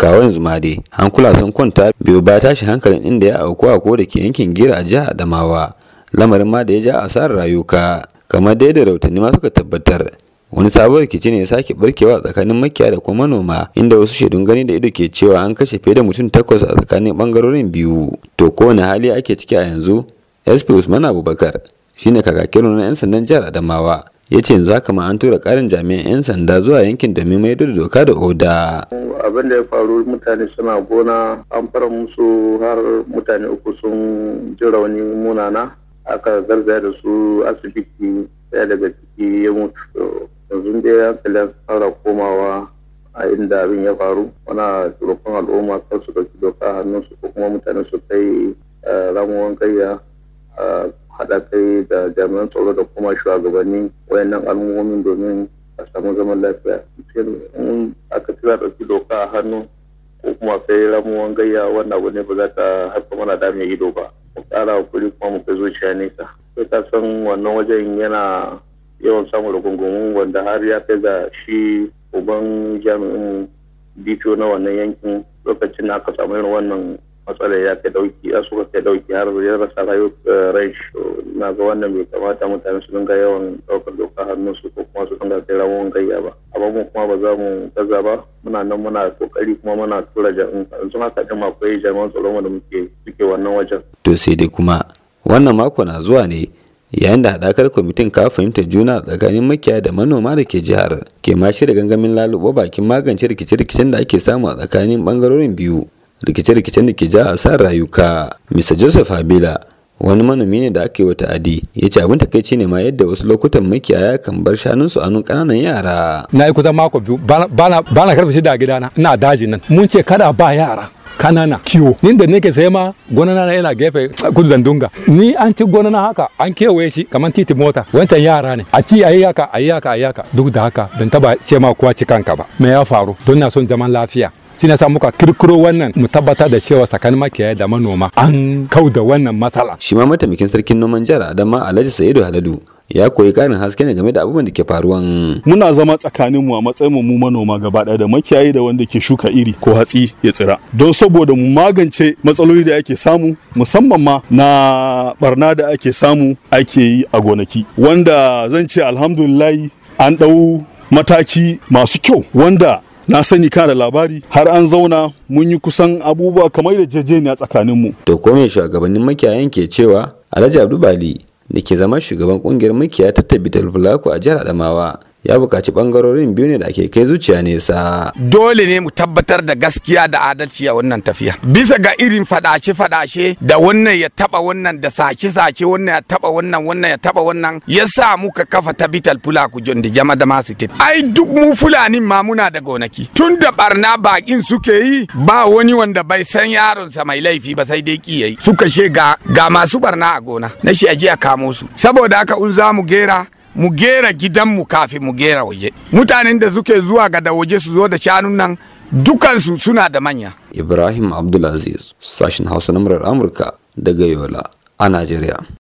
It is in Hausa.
kawo yanzu ma dai hankula sun kwanta biyu ba tashi hankalin inda ya auku a ko da ke yankin gira a jihar adamawa lamarin ma da ya ja a asarar rayuka kamar dai da rautanni ma suka tabbatar wani sabuwar rikici ne ya sake barkewa tsakanin makiya da kuma manoma inda wasu shaidun gani da ido ke cewa an kashe fiye da mutum takwas a tsakanin bangarorin biyu to kowane hali ake ciki a yanzu sp usman abubakar shine kakakin na 'yan sandan jihar adamawa ya ce yanzu haka ma an tura karin jami'an 'yan sanda zuwa yankin domin maido da doka da oda abin da ya faru mutane suna gona an fara musu har mutane uku sun ji rauni munana aka garzaya da su asibiti daya daga ciki ya mutu yanzu ya hankalin fara komawa a inda abin ya faru wana roƙon al'umma kan su ɗauki doka hannun su ko kuma mutane jami'an tsoro da kuma shugabannin wayannan al'ummomin domin a samu zaman lafiya in aka tura ɗauki doka a hannu ko kuma kai ramuwan gayya wannan abu ne ba za ta haifa mana da mai ido ba mu ƙara kuri kuma mu kai zuciya nesa sai ka san wannan wajen yana yawan samun rugungumu wanda har ya kai ga shi uban jami'in bito na wannan yankin lokacin da aka samu irin wannan matsalar ya kai dauki ya suka kai dauki har ya rasa eh, ran shi na ga wannan bai kamata mutane su dinga yawan ɗaukar doka hannun su ko kuma su dinga kai ramuwan gayya ba amma mu kuma ba za mu gaza ba muna nan muna kokari kuma muna tura jami'an sun haka din akwai jami'an tsaron da muke suke wannan wajen to sai dai kuma wannan mako na zuwa ne yayin da haɗakar kwamitin ka fahimtar juna tsakanin makiya da manoma da ke jihar ke ma shirya gangamin lalubo bakin magance rikice-rikicen da ake samu a tsakanin bangarorin biyu rikice-rikicen da ke ja a sa rayuka mr joseph habila wani manomi ne da aka yi wata adi. ya ce abin takaici ne ma yadda wasu lokutan makiyaya kan bar shanunsu a nun kananan yara na yi kusan mako biyu ba na karfe shida a gidana ina daji nan mun ce kada ba yara kanana kiwo ni da nake sai ma gona na yana gefe kudu dandunga ni an ci gona haka an kewaye shi kamar titi mota wancan yara ne a ci ayi haka ayi haka ayi haka duk da haka ban taba ce ma kowa ci kanka ba me ya faru don na son zaman lafiya shine yasa muka kirkiro wannan mu tabbata da cewa tsakanin makiyaya da manoma an kau da wannan matsala shi ma mataimakin sarkin noman jihar adama alhaji sa'idu haladu ya koyi karin haske ne game da abubuwan da ke faruwan. Muna zama tsakanin mu a matsayin mu manoma gaba da makiyayi da wanda ke shuka iri ko hatsi ya tsira. Don saboda mu magance matsaloli da ake samu musamman ma na barna da ake samu ake yi a gonaki. Wanda zan ce alhamdulillahi an ɗau mataki masu kyau wanda na sani ka labari har an zauna mun yi kusan abubuwa kamar da jejeniya tsakaninmu. To ko me shugabannin makiyayan ke cewa Alhaji bali da ke zama shugaban kungiyar makiya ta tabbitar Bulaku a jihar Adamawa ya buƙaci ɓangarorin biyu ne da ke kai zuciya nesa. Dole ne mu tabbatar da gaskiya da adalci a wannan tafiya. Bisa ga irin fadace-fadace da wannan ya taɓa wannan da sace-sace wannan ya taɓa wannan wannan ya taɓa wannan ya sa muka kafa ta bital fula ku da jama da masu Ai duk mu fulanin ma muna da gonaki. Tun da barna bakin suke yi ba wani wanda bai san yaronsa mai laifi ba sai dai kiyayi Suka she ga masu barna a gona. Na shi aje a kamo su. Saboda haka un za mu gera mu gera gidan mu kafin mu gera waje mutanen da suke zuwa ga da waje su zo da shanun nan dukansu suna da manya ibrahim abdulaziz sashin hausa na murar amurka daga yola a najeriya